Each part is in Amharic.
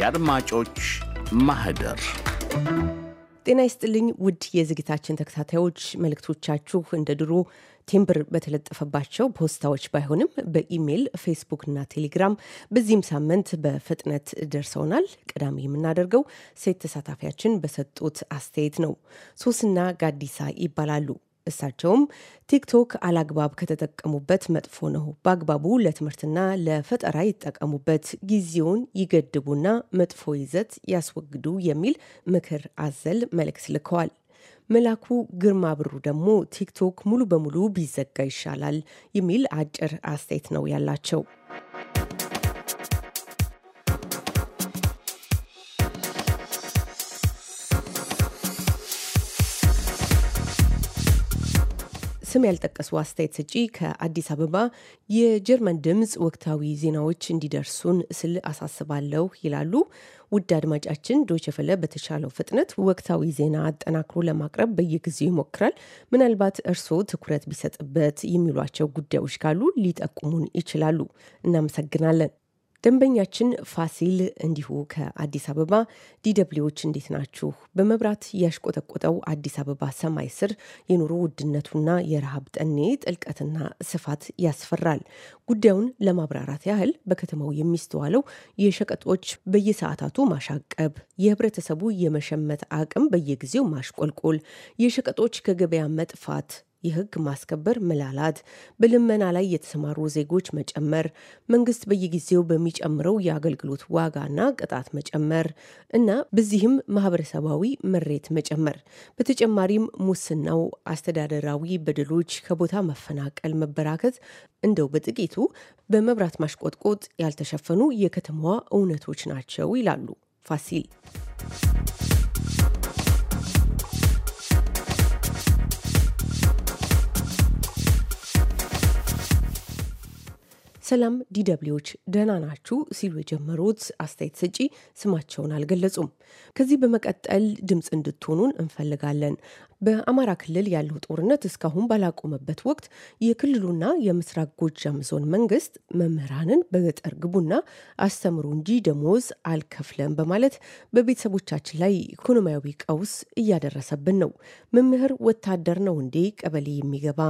የአድማጮች ማህደር ጤና ይስጥልኝ ውድ የዝግታችን ተከታታዮች፣ መልእክቶቻችሁ እንደ ድሮ ቴምብር በተለጠፈባቸው ፖስታዎች ባይሆንም በኢሜይል እና ቴሌግራም በዚህም ሳምንት በፍጥነት ደርሰውናል። ቀዳሚ የምናደርገው ሴት ተሳታፊያችን በሰጡት አስተያየት ነው። ሶስና ጋዲሳ ይባላሉ። እሳቸውም ቲክቶክ አላግባብ ከተጠቀሙበት መጥፎ ነው፣ በአግባቡ ለትምህርትና ለፈጠራ ይጠቀሙበት፣ ጊዜውን ይገድቡና መጥፎ ይዘት ያስወግዱ የሚል ምክር አዘል መልእክት ልከዋል። መላኩ ግርማ ብሩ ደግሞ ቲክቶክ ሙሉ በሙሉ ቢዘጋ ይሻላል የሚል አጭር አስተያየት ነው ያላቸው። ስም ያልጠቀሱ አስተያየት ሰጪ ከአዲስ አበባ የጀርመን ድምፅ ወቅታዊ ዜናዎች እንዲደርሱን ስል አሳስባለሁ ይላሉ። ውድ አድማጫችን ዶቸፈለ በተሻለው ፍጥነት ወቅታዊ ዜና አጠናክሮ ለማቅረብ በየጊዜው ይሞክራል። ምናልባት እርስዎ ትኩረት ቢሰጥበት የሚሏቸው ጉዳዮች ካሉ ሊጠቁሙን ይችላሉ። እናመሰግናለን። ደንበኛችን ፋሲል እንዲሁ ከአዲስ አበባ ዲደብሊዎች እንዴት ናችሁ? በመብራት ያሽቆጠቆጠው አዲስ አበባ ሰማይ ስር የኑሮ ውድነቱና የረሃብ ጠኔ ጥልቀትና ስፋት ያስፈራል። ጉዳዩን ለማብራራት ያህል በከተማው የሚስተዋለው የሸቀጦች በየሰዓታቱ ማሻቀብ፣ የህብረተሰቡ የመሸመት አቅም በየጊዜው ማሽቆልቆል፣ የሸቀጦች ከገበያ መጥፋት የህግ ማስከበር መላላት፣ በልመና ላይ የተሰማሩ ዜጎች መጨመር፣ መንግስት በየጊዜው በሚጨምረው የአገልግሎት ዋጋና ቅጣት መጨመር እና በዚህም ማህበረሰባዊ ምሬት መጨመር። በተጨማሪም ሙስናው፣ አስተዳደራዊ በደሎች፣ ከቦታ መፈናቀል፣ መበራከት እንደው በጥቂቱ በመብራት ማሽቆጥቆጥ ያልተሸፈኑ የከተማዋ እውነቶች ናቸው ይላሉ ፋሲል። ሰላም ዲደብሊዎች ደህና ናችሁ ሲሉ የጀመሩት አስተያየት ሰጪ ስማቸውን አልገለጹም። ከዚህ በመቀጠል ድምፅ እንድትሆኑን እንፈልጋለን። በአማራ ክልል ያለው ጦርነት እስካሁን ባላቆመበት ወቅት የክልሉና የምስራቅ ጎጃም ዞን መንግስት መምህራንን በገጠር ግቡና አስተምሩ እንጂ ደሞዝ አልከፍለም በማለት በቤተሰቦቻችን ላይ ኢኮኖሚያዊ ቀውስ እያደረሰብን ነው። መምህር ወታደር ነው እንዴ ቀበሌ የሚገባ?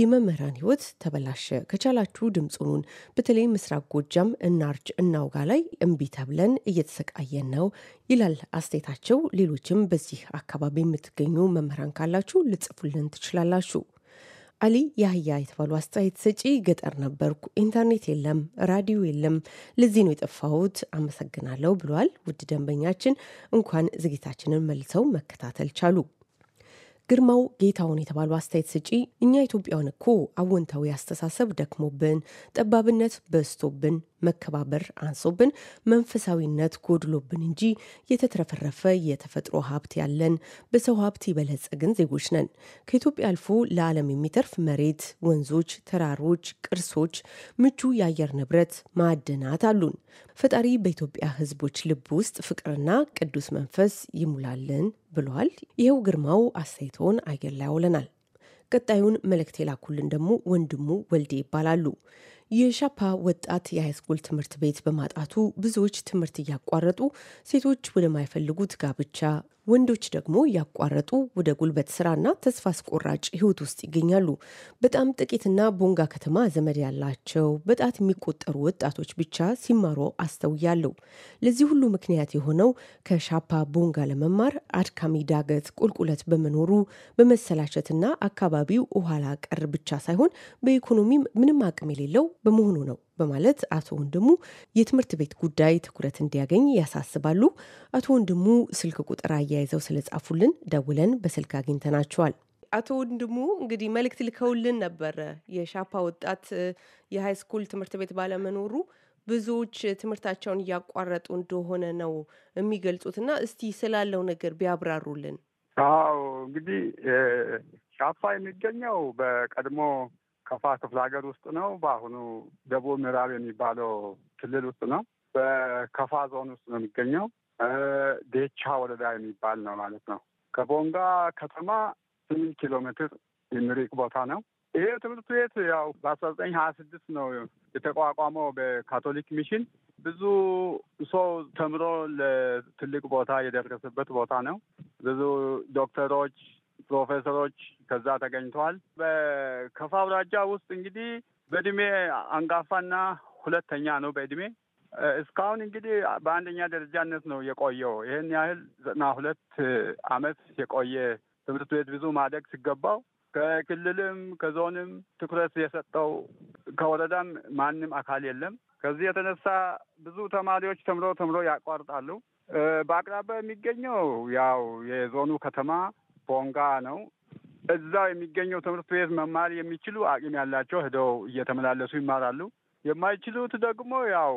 የመምህራን ህይወት ተበላሸ። ከቻላችሁ ድምፁኑን በተለይ ምስራቅ ጎጃም እናርጅ እናውጋ ላይ እምቢ ተብለን እየተሰቃየን ነው ይላል አስተያየታቸው። ሌሎችም በዚህ አካባቢ የምትገኙ መምህራን ካላችሁ ልጽፉልን ትችላላችሁ። አሊ ያህያ የተባሉ አስተያየት ሰጪ ገጠር ነበርኩ፣ ኢንተርኔት የለም፣ ራዲዮ የለም፣ ለዚህ ነው የጠፋሁት፣ አመሰግናለሁ ብሏል። ውድ ደንበኛችን እንኳን ዝግጅታችንን መልሰው መከታተል ቻሉ። ግርማው ጌታውን የተባሉ አስተያየት ሰጪ እኛ ኢትዮጵያውን እኮ አወንታዊ አስተሳሰብ ደክሞብን፣ ጠባብነት በዝቶብን፣ መከባበር አንሶብን፣ መንፈሳዊነት ጎድሎብን እንጂ የተትረፈረፈ የተፈጥሮ ሀብት ያለን በሰው ሀብት የበለጸግን ዜጎች ነን። ከኢትዮጵያ አልፎ ለዓለም የሚተርፍ መሬት፣ ወንዞች፣ ተራሮች፣ ቅርሶች፣ ምቹ የአየር ንብረት፣ ማዕድናት አሉን። ፈጣሪ በኢትዮጵያ ሕዝቦች ልብ ውስጥ ፍቅርና ቅዱስ መንፈስ ይሙላልን ብሏል። ይኸው ግርማው አስተያየቶን አየር ላይ ያውለናል። ቀጣዩን መልእክት የላኩልን ደግሞ ወንድሙ ወልዴ ይባላሉ። የሻፓ ወጣት የሃይስኩል ትምህርት ቤት በማጣቱ ብዙዎች ትምህርት እያቋረጡ ሴቶች ወደማይፈልጉት ጋብቻ ወንዶች ደግሞ እያቋረጡ ወደ ጉልበት ስራና ተስፋ አስቆራጭ ህይወት ውስጥ ይገኛሉ። በጣም ጥቂትና ቦንጋ ከተማ ዘመድ ያላቸው በጣት የሚቆጠሩ ወጣቶች ብቻ ሲማሩ አስተውያለሁ። ለዚህ ሁሉ ምክንያት የሆነው ከሻፓ ቦንጋ ለመማር አድካሚ ዳገት ቁልቁለት በመኖሩ በመሰላቸትና አካባቢው ኋላ ቀር ብቻ ሳይሆን በኢኮኖሚም ምንም አቅም የሌለው በመሆኑ ነው። በማለት አቶ ወንድሙ የትምህርት ቤት ጉዳይ ትኩረት እንዲያገኝ ያሳስባሉ። አቶ ወንድሙ ስልክ ቁጥር አያይዘው ስለጻፉልን ደውለን በስልክ አግኝተናቸዋል። አቶ ወንድሙ እንግዲህ መልእክት ልከውልን ነበረ። የሻፓ ወጣት የሃይስኩል ትምህርት ቤት ባለመኖሩ ብዙዎች ትምህርታቸውን እያቋረጡ እንደሆነ ነው የሚገልጹትና እስቲ ስላለው ነገር ቢያብራሩልን። አዎ እንግዲህ ሻፓ የሚገኘው በቀድሞ ከፋ ክፍለ ሀገር ውስጥ ነው። በአሁኑ ደቡብ ምዕራብ የሚባለው ክልል ውስጥ ነው። በከፋ ዞን ውስጥ ነው የሚገኘው። ዴቻ ወረዳ የሚባል ነው ማለት ነው። ከቦንጋ ከተማ ስምንት ኪሎ ሜትር የሚርቅ ቦታ ነው። ይሄ ትምህርት ቤት ያው በአስራ ዘጠኝ ሀያ ስድስት ነው የተቋቋመው በካቶሊክ ሚሽን። ብዙ ሰው ተምሮ ለትልቅ ቦታ የደረሰበት ቦታ ነው። ብዙ ዶክተሮች፣ ፕሮፌሰሮች ከዛ ተገኝተዋል። በከፋ አውራጃ ውስጥ እንግዲህ በእድሜ አንጋፋና ሁለተኛ ነው በእድሜ እስካሁን እንግዲህ በአንደኛ ደረጃነት ነው የቆየው። ይህን ያህል ዘጠና ሁለት አመት የቆየ ትምህርት ቤት ብዙ ማደግ ሲገባው ከክልልም ከዞንም ትኩረት የሰጠው ከወረዳም ማንም አካል የለም። ከዚህ የተነሳ ብዙ ተማሪዎች ተምሮ ተምሮ ያቋርጣሉ። በአቅራቢያ የሚገኘው ያው የዞኑ ከተማ ቦንጋ ነው። እዛ የሚገኘው ትምህርት ቤት መማር የሚችሉ አቅም ያላቸው ሄደው እየተመላለሱ ይማራሉ። የማይችሉት ደግሞ ያው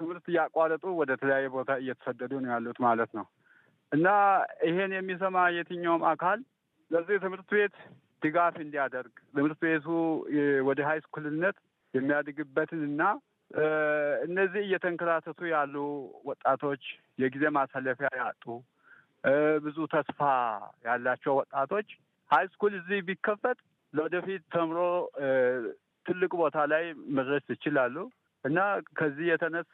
ትምህርት እያቋረጡ ወደ ተለያየ ቦታ እየተሰደዱ ነው ያሉት ማለት ነው። እና ይሄን የሚሰማ የትኛውም አካል ለዚህ ትምህርት ቤት ድጋፍ እንዲያደርግ ትምህርት ቤቱ ወደ ሀይ ስኩልነት የሚያድግበትን እና እነዚህ እየተንከራተቱ ያሉ ወጣቶች የጊዜ ማሳለፊያ ያጡ ብዙ ተስፋ ያላቸው ወጣቶች ሀይ ስኩል እዚህ ቢከፈት ለወደፊት ተምሮ ትልቅ ቦታ ላይ መድረስ ይችላሉ እና ከዚህ የተነሳ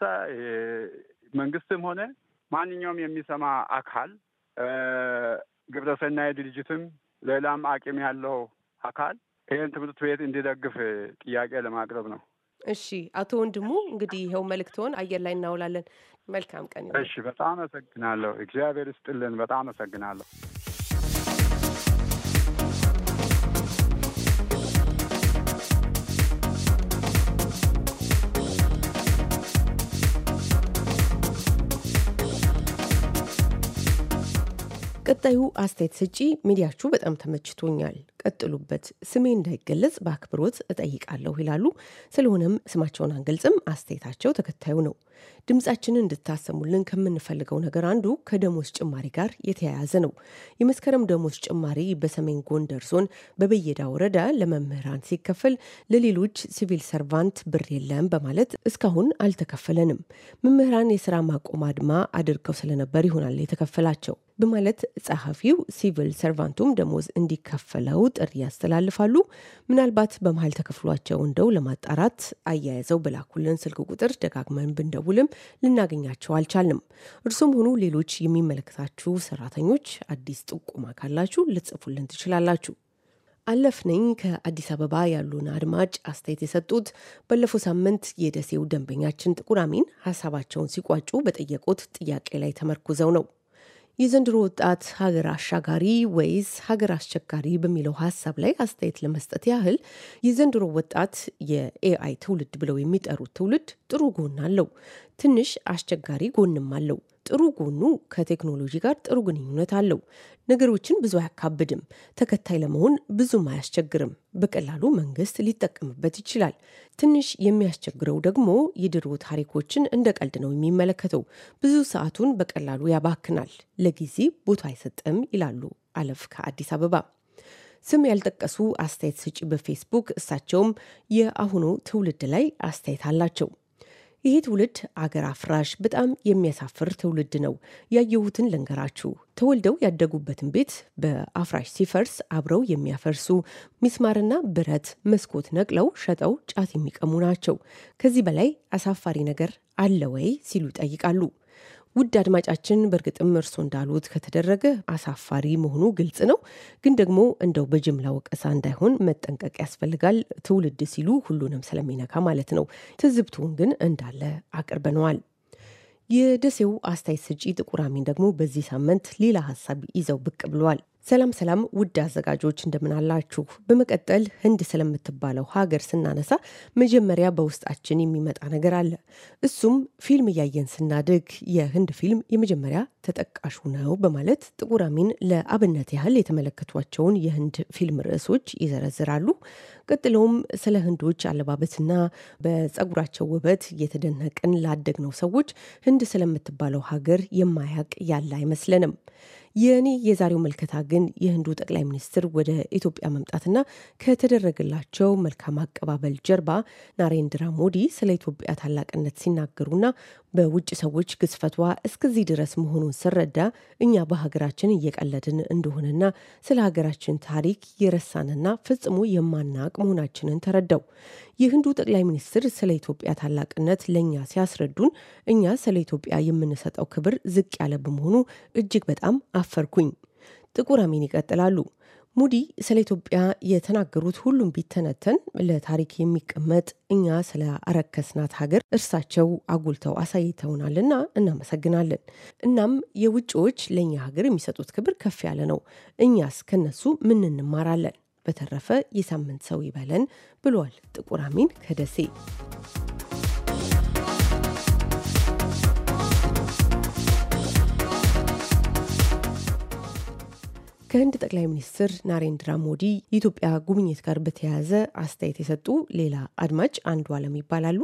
መንግስትም ሆነ ማንኛውም የሚሰማ አካል ግብረሰናይ ድርጅትም ሌላም አቅም ያለው አካል ይህን ትምህርት ቤት እንዲደግፍ ጥያቄ ለማቅረብ ነው። እሺ፣ አቶ ወንድሙ እንግዲህ ይኸው መልእክትዎን አየር ላይ እናውላለን። መልካም ቀን። እሺ፣ በጣም አመሰግናለሁ። እግዚአብሔር ይስጥልን። በጣም አመሰግናለሁ። ቀጣዩ አስተያየት ሰጪ ሚዲያችሁ በጣም ተመችቶኛል ቀጥሉበት፣ ስሜ እንዳይገለጽ በአክብሮት እጠይቃለሁ ይላሉ። ስለሆነም ስማቸውን አንገልጽም። አስተያየታቸው ተከታዩ ነው። ድምፃችንን እንድታሰሙልን ከምንፈልገው ነገር አንዱ ከደሞዝ ጭማሪ ጋር የተያያዘ ነው። የመስከረም ደሞዝ ጭማሪ በሰሜን ጎንደር ዞን በበየዳ ወረዳ ለመምህራን ሲከፈል ለሌሎች ሲቪል ሰርቫንት ብር የለም በማለት እስካሁን አልተከፈለንም። መምህራን የስራ ማቆም አድማ አድርገው ስለነበር ይሆናል የተከፈላቸው በማለት ጸሐፊው ሲቪል ሰርቫንቱም ደሞዝ እንዲከፈለው ጥሪ ያስተላልፋሉ። ምናልባት በመሀል ተከፍሏቸው እንደው ለማጣራት አያያዘው በላኩልን ስልክ ቁጥር ደጋግመን ብንደውልም ልናገኛቸው አልቻልንም። እርሱም ሆኑ ሌሎች የሚመለከታችሁ ሰራተኞች አዲስ ጥቁማ ካላችሁ ልትጽፉልን ትችላላችሁ። አለፍነኝ ከአዲስ አበባ ያሉን አድማጭ አስተያየት የሰጡት ባለፈው ሳምንት የደሴው ደንበኛችን ጥቁር አሚን ሀሳባቸውን ሲቋጩ በጠየቁት ጥያቄ ላይ ተመርኩዘው ነው። የዘንድሮ ወጣት ሀገር አሻጋሪ ወይስ ሀገር አስቸጋሪ በሚለው ሀሳብ ላይ አስተያየት ለመስጠት ያህል የዘንድሮ ወጣት የኤአይ ትውልድ ብለው የሚጠሩት ትውልድ ጥሩ ጎን አለው፣ ትንሽ አስቸጋሪ ጎንም አለው። ጥሩ ጎኑ ከቴክኖሎጂ ጋር ጥሩ ግንኙነት አለው። ነገሮችን ብዙ አያካብድም። ተከታይ ለመሆን ብዙም አያስቸግርም። በቀላሉ መንግስት ሊጠቀምበት ይችላል። ትንሽ የሚያስቸግረው ደግሞ የድሮ ታሪኮችን እንደ ቀልድ ነው የሚመለከተው። ብዙ ሰዓቱን በቀላሉ ያባክናል። ለጊዜ ቦታ አይሰጥም ይላሉ አለፍ ከአዲስ አበባ። ስም ያልጠቀሱ አስተያየት ሰጪ በፌስቡክ እሳቸውም የአሁኑ ትውልድ ላይ አስተያየት አላቸው። ይሄ ትውልድ አገር አፍራሽ በጣም የሚያሳፍር ትውልድ ነው። ያየሁትን ልንገራችሁ። ተወልደው ያደጉበትን ቤት በአፍራሽ ሲፈርስ አብረው የሚያፈርሱ ሚስማርና ብረት መስኮት ነቅለው ሸጠው ጫት የሚቀሙ ናቸው። ከዚህ በላይ አሳፋሪ ነገር አለ ወይ ሲሉ ይጠይቃሉ። ውድ አድማጫችን፣ በእርግጥም እርሶ እንዳሉት ከተደረገ አሳፋሪ መሆኑ ግልጽ ነው። ግን ደግሞ እንደው በጅምላ ወቀሳ እንዳይሆን መጠንቀቅ ያስፈልጋል። ትውልድ ሲሉ ሁሉንም ስለሚነካ ማለት ነው። ትዝብቱን ግን እንዳለ አቅርበነዋል። የደሴው አስተያየት ሰጪ ጥቁር አሚን ደግሞ በዚህ ሳምንት ሌላ ሀሳብ ይዘው ብቅ ብለዋል። ሰላም ሰላም ውድ አዘጋጆች እንደምናላችሁ። በመቀጠል ህንድ ስለምትባለው ሀገር ስናነሳ መጀመሪያ በውስጣችን የሚመጣ ነገር አለ። እሱም ፊልም እያየን ስናድግ የህንድ ፊልም የመጀመሪያ ተጠቃሹ ነው በማለት ጥቁር አሚን ለአብነት ያህል የተመለከቷቸውን የህንድ ፊልም ርዕሶች ይዘረዝራሉ። ቀጥለውም ስለ ህንዶች አለባበስና በጸጉራቸው ውበት እየተደነቅን ላደግነው ሰዎች ህንድ ስለምትባለው ሀገር የማያቅ ያለ አይመስለንም። የእኔ የዛሬው መልከታ ግን የህንዱ ጠቅላይ ሚኒስትር ወደ ኢትዮጵያ መምጣትና ከተደረገላቸው መልካም አቀባበል ጀርባ ናሬንድራ ሞዲ ስለ ኢትዮጵያ ታላቅነት ሲናገሩና በውጭ ሰዎች ግዝፈቷ እስከዚህ ድረስ መሆኑን ስረዳ እኛ በሀገራችን እየቀለድን እንደሆነና ስለ ሀገራችን ታሪክ የረሳንና ፍጽሞ የማናቅ መሆናችንን ተረዳው። የህንዱ ጠቅላይ ሚኒስትር ስለ ኢትዮጵያ ታላቅነት ለእኛ ሲያስረዱን እኛ ስለ ኢትዮጵያ የምንሰጠው ክብር ዝቅ ያለ በመሆኑ እጅግ በጣም አፈርኩኝ። ጥቁር አሚን ይቀጥላሉ። ሙዲ ስለ ኢትዮጵያ የተናገሩት ሁሉም ቢተነተን ለታሪክ የሚቀመጥ እኛ ስለ አረከስናት ሀገር እርሳቸው አጉልተው አሳይተውናልና እናመሰግናለን። እናም የውጭዎች ለእኛ ሀገር የሚሰጡት ክብር ከፍ ያለ ነው። እኛስ ከነሱ ምን እንማራለን? በተረፈ የሳምንት ሰው ይበለን ብሏል ጥቁር አሚን ከደሴ። ከህንድ ጠቅላይ ሚኒስትር ናሬንድራ ሞዲ የኢትዮጵያ ጉብኝት ጋር በተያያዘ አስተያየት የሰጡ ሌላ አድማጭ አንዱ አለም ይባላሉ።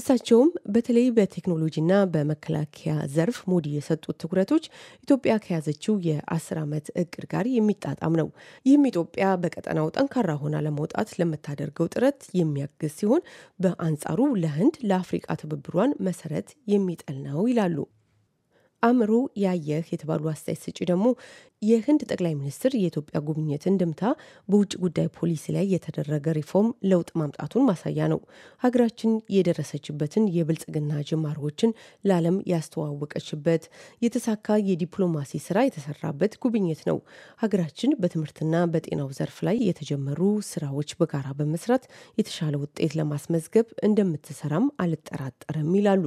እሳቸውም በተለይ በቴክኖሎጂና በመከላከያ ዘርፍ ሞዲ የሰጡት ትኩረቶች ኢትዮጵያ ከያዘችው የአስር ዓመት እቅድ ጋር የሚጣጣም ነው። ይህም ኢትዮጵያ በቀጠናው ጠንካራ ሆና ለመውጣት ለምታደርገው ጥረት የሚያግዝ ሲሆን፣ በአንጻሩ ለህንድ ለአፍሪቃ ትብብሯን መሰረት የሚጥል ነው ይላሉ። አእምሮ ያየህ የተባሉ አስተያየት ሰጪ ደግሞ የህንድ ጠቅላይ ሚኒስትር የኢትዮጵያ ጉብኝት እንድምታ በውጭ ጉዳይ ፖሊሲ ላይ የተደረገ ሪፎርም ለውጥ ማምጣቱን ማሳያ ነው። ሀገራችን የደረሰችበትን የብልጽግና ጅማሮዎችን ለዓለም ያስተዋወቀችበት የተሳካ የዲፕሎማሲ ስራ የተሰራበት ጉብኝት ነው። ሀገራችን በትምህርትና በጤናው ዘርፍ ላይ የተጀመሩ ስራዎች በጋራ በመስራት የተሻለ ውጤት ለማስመዝገብ እንደምትሰራም አልጠራጠርም ይላሉ።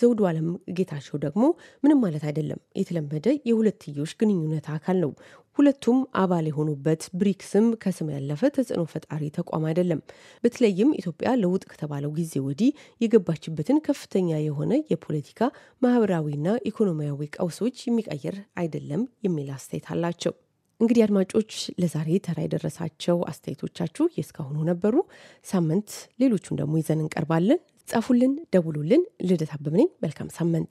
ዘውዱ አለም ጌታቸው ደግሞ ምንም ማለት አይደለም፣ የተለመደ የሁለትዮሽ ግንኙነት አካል ነው። ሁለቱም አባል የሆኑበት ብሪክስም ከስም ያለፈ ተጽዕኖ ፈጣሪ ተቋም አይደለም። በተለይም ኢትዮጵያ ለውጥ ከተባለው ጊዜ ወዲህ የገባችበትን ከፍተኛ የሆነ የፖለቲካ ማህበራዊና ኢኮኖሚያዊ ቀውሶች የሚቀይር አይደለም የሚል አስተያየት አላቸው። እንግዲህ አድማጮች፣ ለዛሬ ተራ የደረሳቸው አስተያየቶቻችሁ የእስካሁኑ ነበሩ። ሳምንት ሌሎቹን ደግሞ ይዘን እንቀርባለን። ጻፉልን፣ ደውሉልን። ልደት አበበ ነኝ። መልካም ሳምንት።